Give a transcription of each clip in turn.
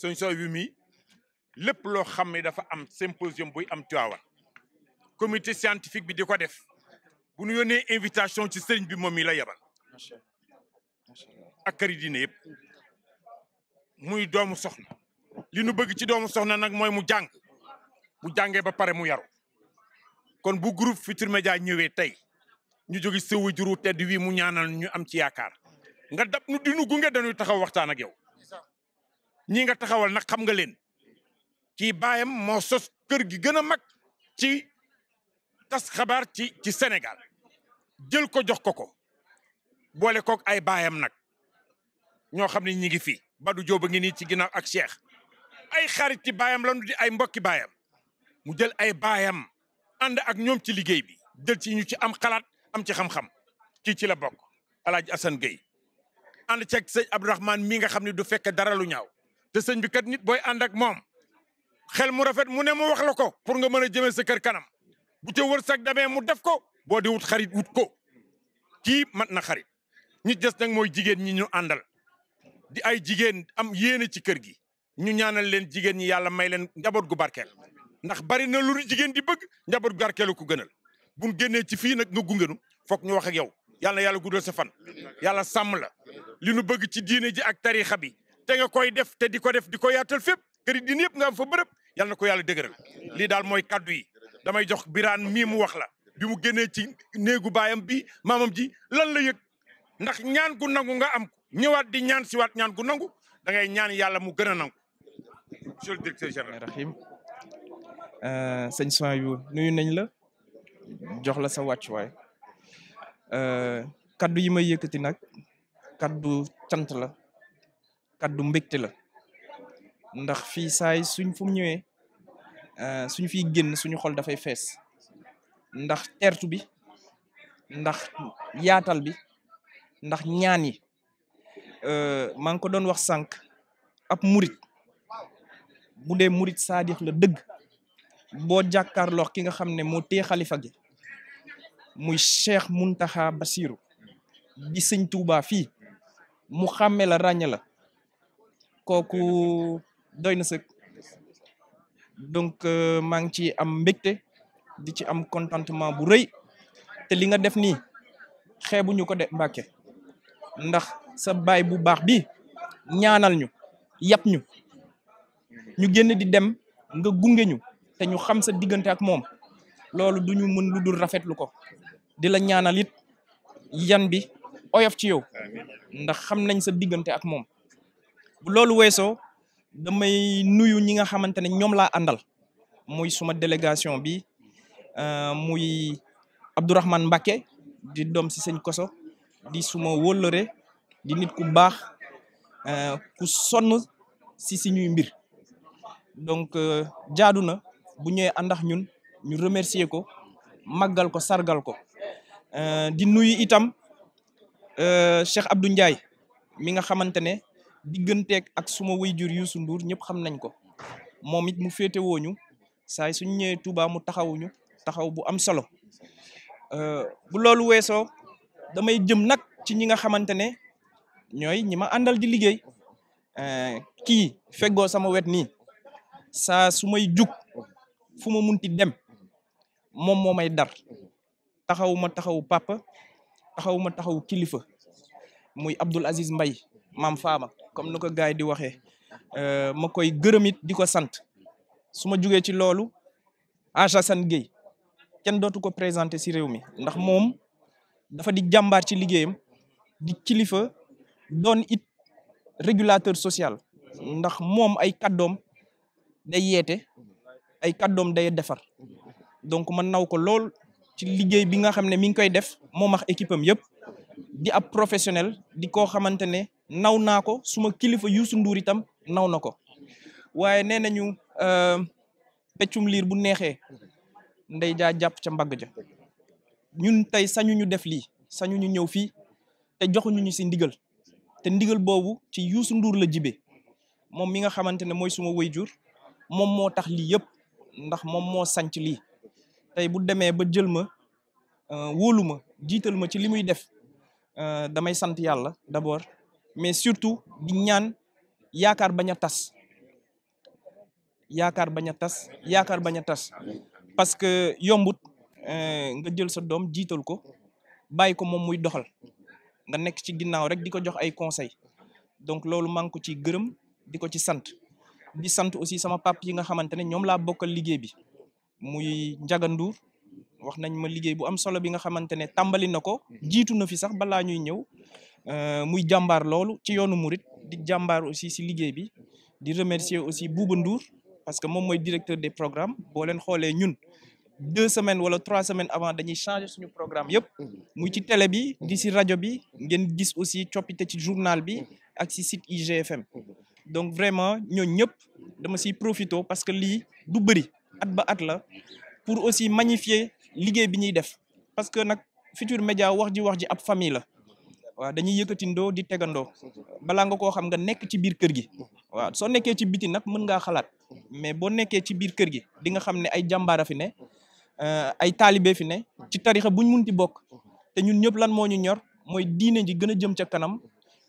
sëñ sooy bi mi lépp loo xam ne dafa am symposium buy am Tiwaawan comité scientifique bi di ko def bu ñu yónnee invitation ci sëriñ bi moom mi la yebal ak këri diine yëpp muy doomu soxna li nu bëgg ci doomu soxna nag mooy mu jàng bu jàngee ba pare mu yaru kon bu groupe Futurs Médias ñëwee tey ñu jóge sëw juru tedd wii mu ñaanal ñu am ci yaakaar nga dab nu dinu gunge dañuy taxaw waxtaan ak yow ñi nga taxawal nak xam nga len ci bayam mo sos keur gi gëna mag ci tas xabar ci ci Senegal, jël ko jox ko ko boole kook ay bayam nak, ño xamni ñi ngi fi Badou Diop ngi ni ci ginaaw ak Cheikh ay xarit ci bayam lañu di ay mbokki bayam, mu jël ay bayam and ak ñom ci liggey bi jël ci ñu ci am xalaat am ci xam-xam ci ci la bok El Hadj Assane Gueye ànd ceeg seigne Abdourahmane mi nga xamni du fekk dara lu ñaaw te señ bi kat nit boy andak ak moom xel mu rafet mu ne mu wax lako ko pour nga meuna a sa kër kanam bu dame mu def ko bo di wut xarit wut ko ki mat na xarit nit des nak moy jigen ñi ñu andal di ay jigen am yene ci kër gi ñu ñaanal leen jigen ñi yalla may leen njabot gu barkel ndax bari na lu jigen di bëgg njabot gu barkel ko gënal bu génnee ci fi nak nga gungenu fokk ñu wax ak yow yalla yalla guddal sa fan yalla sam la li nu bëgg ci diine ji ak tariixa bi te nga koy def te diko def diko yatal fep fépp di diin nga am fa bërëb yalla nako yalla yàlla li dal moy mooy kaddu yi damay jox biran mi mu wax la bi mu génnee ci néegu bayam bi mamam ji lan la yëg ndax ñaan gu nangu nga am ko ñëwaat di ñaan ci siwaat ñaan gu nangu da ngay ñaan yalla mu gëna nangu monsieur le directeur général rahim euh sëñ Souhaïbou nuyu nañ la jox la sa wacc way euh kaddu yi ma yëkkati nak kaddu cant la kaddu mbekté la ndax fi say suñ fu ñëwé euh suñ fi genn suñu xol fay fess ndax tertu bi ndax yaatal bi ndax ñaan yi euh, ko doon wax sank ap murit bu dee murit saadix la dëgg boo lox ki nga xamné mo té khalifa gi muy cheikh muntaha basiru di seigne touba fi mu xamé la kooku doy na donc euh, mang ci am mbégte di ci am contentement bu reuy te li nga def nii xeebuñu ko dé mbacké ndax sa bay bu baax bi ñaanal ñu yap ñu ñu génné di dem nga gungé ñu te ñu xam sa digënté ak mom, lolu duñu mën luddul rafet rafetlu ko di la ñaanal it yan bi oyof ci yow ndax xam nañ sa digënté ak mom. loolu weso damay nuyu ñi nga xamantene ñom la andal muy suma délégation bi euh, muy Abdourahmane Mbacké di Dom Siseni sëñ Koso di suma wóllëre di nit ku baax euh, ku sonn ci ñuy mbir donc euh, jaaduna bu ñëwee andax ñun ñu remercier ko magal ko sargal ko di nuyu itam Cheikh Abdou ndjay mi nga xamantene euh digganteeg ak suma wayjur Youssou Ndour ñëpp xam nañ ko moom it mu féete wooñu saay suñ ñëwee Touba mu taxawuñu taxaw bu am solo euh, bu loolu weesoo damay jëm nag ci ñi nga xamante ne ñooy ñi ma àndal di liggéey euh, kii feggoo sama wet ni saa su may jug fu ma munti dem moom moo may dar taxaw ma taxaw papa taxaw ma taxaw kilifa muy Abdoul Aziz mbay mam Faama comme ni ko gars yi di waxee euh, ma koy gërëm di ko sant su ma jugee ci loolu Hadj Assane Gueye kenn dootu ko présenté si réew mi ndax moom dafa di jàmbaar ci liggéeyam di kilifa doon it régulateur social ndax moom ay kaddoom day yeete ay kàddoom day defar donc man naw ko lool ci liggéey bi nga xam ne mi ngi koy def moom ak équipe am yëpp di ab professionnel di koo xamante ne naw naa ko suma kilifa Youssou Ndour itam naw na ko waaye nee nañu euh, peccum liir bu neexee ndey jaa jàpp ca mbagg ja ñun tey sañu ñu def lii sañu ñu ñëw fii te joxuñu ñu si ndigal te ndigal boobu ci Youssou Ndour la jibe moom mi nga xamante ne mooy suma waajur moom moo tax lii yëpp ndax moom moo sanc lii tey bu demee ba jël ma euh, wóolu ma jiital ma ci li muy def euh, damay sant yàlla d'abord mais surtout di ñaan yaakar baña a tas yaakaar bañ tas yaakaar tas parce que yombut euh, nga jël sa dom jital ko bàyyi ko moom muy doxal nga nek ci ginnaw rek di jox ay conseil donc lolu maa ko ciy ci sante di sante aussi sama pap yi nga xamantene ñom la bokal liggéey bi muy njagandour wax nañ ma liggéey bu am solo bi nga xamantene tambali nako jitu na fi sax bala ñuy ñew Euh, muy jambar loolu ci yoonu murit di jambar aussi si liguey bi di remercier aussi boubendour parce que mom moy directeur des programmes bo len xolé ñun deux semaines wala trois semaines avant dañuy changer suñu programme yépp muy ci télé bi di si radio bi ngeen gis aussi chopité ci journal bi ak ci site IGFM donc vraiment ñoo ñëpp dama ci profito parce que li du bëri at ba at la pour aussi magnifier liguey bi ñuy def parce que nak futur média wax ji wax ji ab famille la waaw dañuy yëkkatindoo di tegandoo balaa nga koo xam nga nekk ci biir kër gi waaw soo nekkee ci biti nag mën ngaa xalaat mais boo nekkee ci biir kër gi di nga xam ne ay jàmbaara fi ne euh, ay taalibe fi ne ci tarixa buñ munti bokk te ñun ñëpp lan moo ñu ñor mooy diine ji gën a jëm ca kanam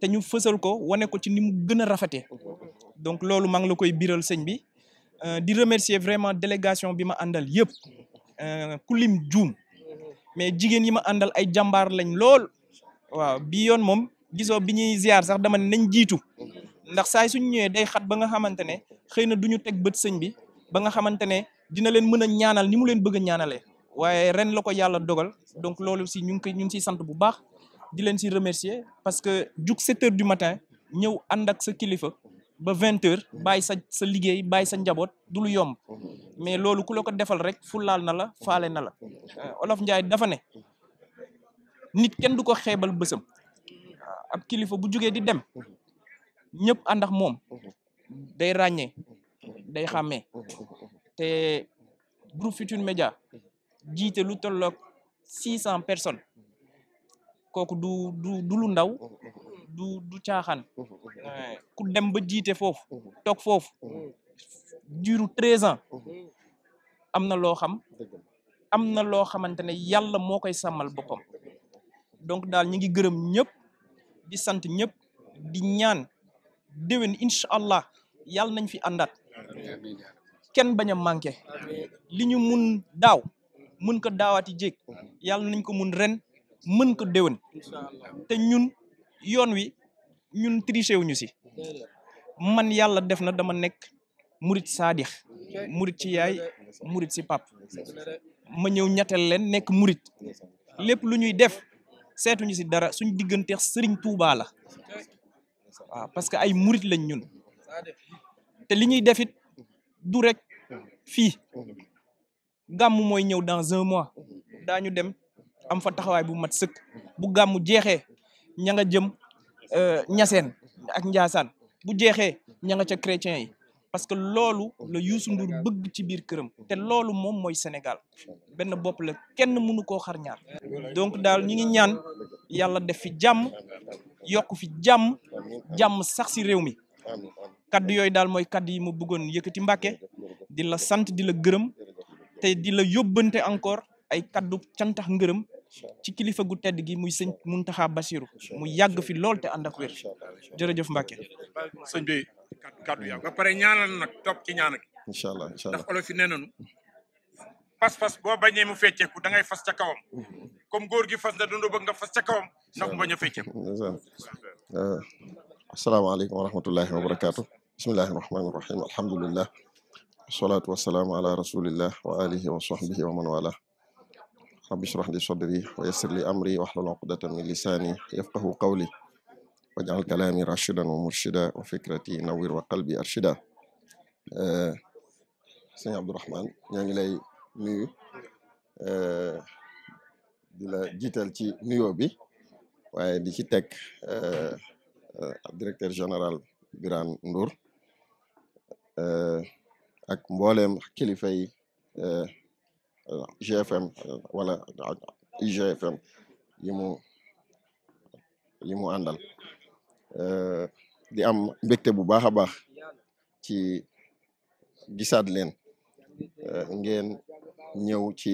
te ñu fësal ko wane ko ci ni mu gën a rafetee donc loolu maa ngi la koy biral sëñ bi euh, di remercier vraiment délégation bi ma àndal yëpp euh, ku lim juum mais jigéen yi ma àndal ay jàmbaar lañ lool waaw bi yoon moom gisoo ziar sax dama ne nañ jiitu ndax saay suñu ñëwee day xat ba nga xamante ne xëy na du ñu teg bët sëñ bi ba nga dina leen ñaanal ni mu leen bëgg a ñaanalee waaye ren la ko dogal donc loolu si ñu nyunsi koy ñu ngi sant bu baax di leen si remercier parce que juk 7 heures du matin nyu andak ak sa kilifa ba 20 heures bay sa sa liggéey bay sa njabot du lu yomb mais loolu ku la ko defal rek fulal na la faale na la euh, Olof dafane. dafa nit kenn du ko xeebal bësam ab kilifa bu jugee di dem ñëpp ànd ak moom day ràññee day xàmmee te groupe Futurs Médias jiite lu tolloog six cent personnes kooku du du lu ndaw du du ku dem ba jiite foofu toog foofu diiru treize ans am na loo xam na loo xamante ne yàlla moo koy sàmmal boppam donc dal ñi ngi gërëm ñëpp di sante ñëpp di ñaan déwén inshallah allah nañ fi andat ken baña manké li ñu mun daaw mun ko dawati jek yàlla nañ ko mun ren mën ko déwén te ñun yoon wi ñun triché wuñu si man yalla def na dama nek murid saadix murid ci yaay murit si pap ma ñew ñettel len nek murit lepp lu def seetuñu si dara suñ diggante sëriñ Touba la parce que ay murit lañ ñun te li ñuy defit du rek fii gàmm mooy ñëw dans un mois daañu dem am fa taxawaay bu mat sëkk bu gàmm jeexee ña nga jëm ñaseen euh, ak njaasaan bu jeexee ña nga ca chrétien yi parce que lolu le Youssou Ndour bëgg ci biir këram té lolu mom moy Sénégal benn bop la kenn mënu ko xar ñaar donc dal ñi ngi ñaan Yalla def fi jamm yok fi jamm jamm sax ci réew mi kaddu yoy dal moy kaddu yi mu bëggoon yëkëti mbacké di la sant di la gërëm te di la yóbbante encore ay kaddu cantax ngërëm ci kilifa gu tedd gi muy seigne muntaha Basiru mu yàgg fi lol te ànd ak wér jërëjëf seigne bi kaddu yaa ba pare ñaanal nag topp ci ñaan ndax olof yi nee pas-pas boo bañee mu fecceeku da ngay fas ca kawam comme góor gi fas na dundu bëgg nga fas ca kawam ndax mu bañ a fecceeku eh, asalaamaaleykum wa rahmatullahi wa barakatu bismillahi rahmani rahim alhamdulillah والصلاة والسلام على رسول الله وآله وصحبه ومن والاه رب اشرح لي صدري واجعل كلامي راشدا ومرشدا وفكرتي نور وقلبي ارشدا آه، سيدي عبد الرحمن يعني لي نيو آه، دلا جيتال تي نيو بي واي دي سي تك الديريكتور جنرال بيران نور اك مبولم خليفه جي اف ام ولا جي اف ام يمو يمو اندال di am mbégte bu baax a baax ci gisaat leen eh, ngeen ñëw ci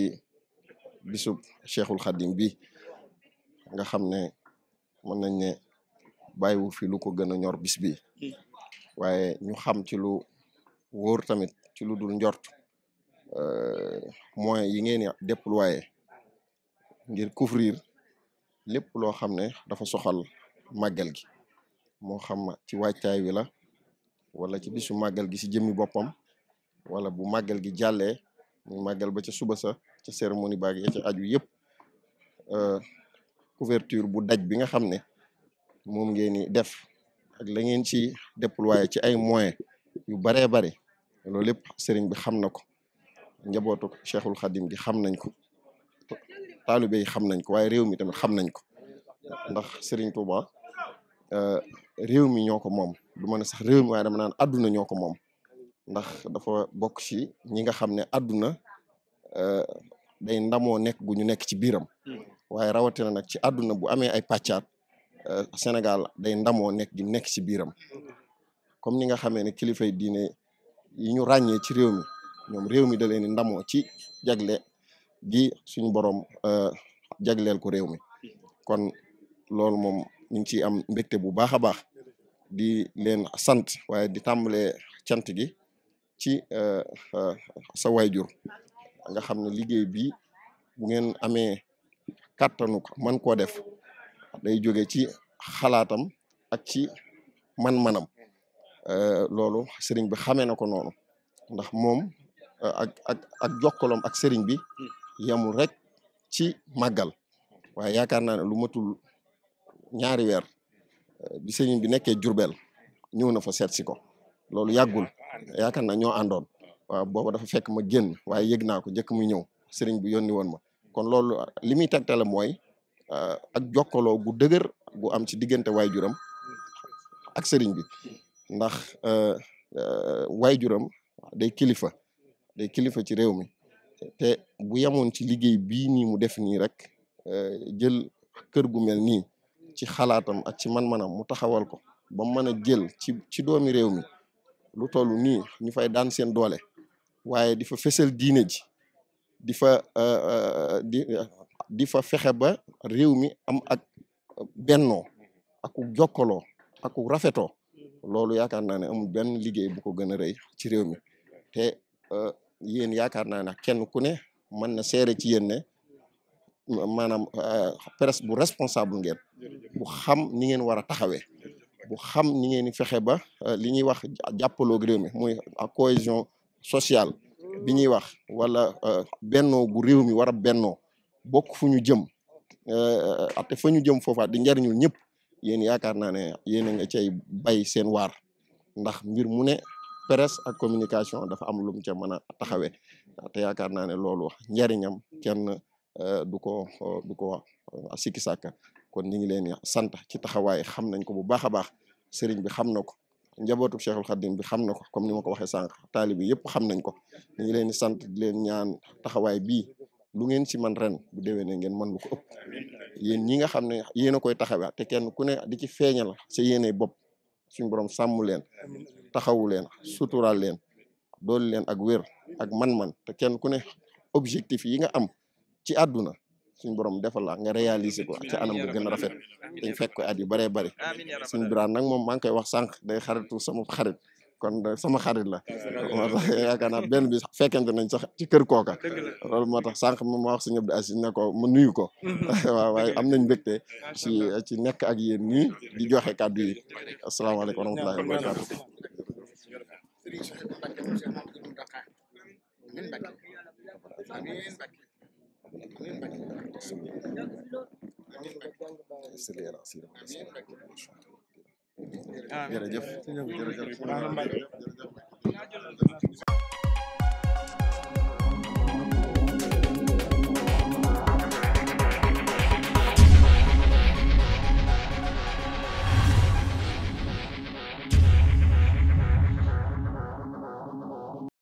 bisub cheikhul xadim bi nga xam ne mën nañ ne bàyyiwu fi lu ko gën a ñor bis bi waaye ñu xam ci lu wóor tamit ci lu dul njort eh, moyens yi ngeen déployé ngir couvrir lépp loo xam ne dafa soxal màggal moo xam ci wàccaay wi la wala ci bisu màggal gi ci jëmmi boppam wala bu màggal gi jàllee mu màggal ba ca suba sa ca cérémonie baag ya ca aju yëpp euh, couverture bu daj bi nga xam ne moom ngeen ni def ak la ngeen ci déployé ci ay moyens yu baree bare loolu lépp sëriñ bi xam na ko njabootu cheikhul xadim gi xam nañ ko taalibe yi xam nañ ko waaye réew mi tamit xam nañ ko ndax sëriñ Tuuba Euh, réew mi ñoo ko moom du ma ne sax réew mi waaye dama naan àdduna ñoo ko moom ndax dafa bokk ci ñi nga xam ne àdduna euh, day ndamoo nekk gu ñu nekk ci biiram hmm. waaye rawatina nag ci àdduna bu amee ay pàccaat euh, Sénégal day ndamoo nekk gi nekk ci biiram comme ni nga xamee ne kilifay diine yi ñu ràññee ci réew mi ñoom réew mi da leen ndamoo ci jagle gi suñu borom jagleel ko réew mi kon loolu moom ñu ngi ciy am mbégte bu baax a baax di leen sant waaye di tàmbalee cant gi ci euh, euh, sa waayjur nga xam ne liggéey bi bu ngeen amee kàttanu man koo def day joge ci xalaatam ak ci man-manam euh, loolu sëriñ bi xamee na ko noonu ndax moom ak ak ak jokkaloom ak sëriñ bi yamul rek ci màggal waaye yaakaar naa ne lu ñaari weer euh, bi sëriñ bi nekkee Jurbel ñëw na fa seet si ko loolu yàggul yaakaar naa ñoo àndoon waaw booba dafa fekk ma génn waaye yëg naa ko njëkk muy ñëw sëriñ bi yónni woon ma kon loolu li muy tegtale mooy euh, ak jokkaloo gu dëgër gu am ci diggante waajuram ak sëriñ bi ndax euh, waajuram day kilifa day kilifa ci réew mi te bu yemoon ci liggéey bii nii mu def nii rek jël kër gu mel nii ci xalaatam ak ci man-manam mu taxawal ko ba mën a jël ci ci doomi réew mi lu toll nii ñu fay daan seen doole waaye di fa fesal diine ji di fa euh, euh, di fa fexe ba réew mi am ak bennoo aku ku jokkaloo ak ku rafetoo loolu yaakaar naa ne amul benn liggéey bu ko gën a rëy ci réew mi te euh, yéen yaakaar naa ne kenn ku ne mën na seere ci yéen ne maanaam presse bu responsable ngeen bu xam ni ngeen war a taxawee bu xam ni ngeen di fexe ba euh, li ñuy wax jàppaloog réew mi muy cohésion sociale bi ñuy wax wala euh, bennoo gu réew mi war a bennoo bokk fu ñu jëm euh, te fa ñu jëm foofaat di njariñul ñëpp yéen yaakaar naa ne yéen a nga cay bay seen waar ndax mbir mu ne presse ak communication dafa am lu mu ca mën a taxawee te yaakaar naa ne loolu njariñam kenn du ko du ko sikki sàkka kon ñu ngi leen sant ci taxawaay xam nañ ko bu baax a baax bi xam na ko njabootu Cheikhul Khadim bi xam na ko comme ni ma ko waxee sànq taalibe yëpp xam nañ ko ñu ngi leen di sant leen ñaan taxawaay bii lu ngeen ci man ren bu déwénee ngeen mën lu ko ëpp yéen ñi nga xam ne yéen a koy taxawee te kenn ku ne di ci feeñal sa yéene bopp suñu borom sàmm leen taxawu leen suturaal leen dool leen ak wér ak man-man te kenn ku ne objectif yi nga am ci àdduna suñ borom defal la nga réaliser ko ci anam bu ya gëna rafet ya dañ fekk ko at yu bare bare ya suñ biraan nak mom maa ngi koy wax sank day xaritu sama xarit kon sama xarit la moo tax yaakaar bi fekkente nañ sax ci kër koka loolu motax sank mom wax suñu abdi ne nako mu nuyu ko mhm. waaw waaye am nañ mbégte ci ci nekk ak yeen ni di joxe kaddu yi assalamu alaykum wa rahmatullahi wa barakatu Amin. Selera, Sira. Yarayacak. Yarayacak. Yarayacak.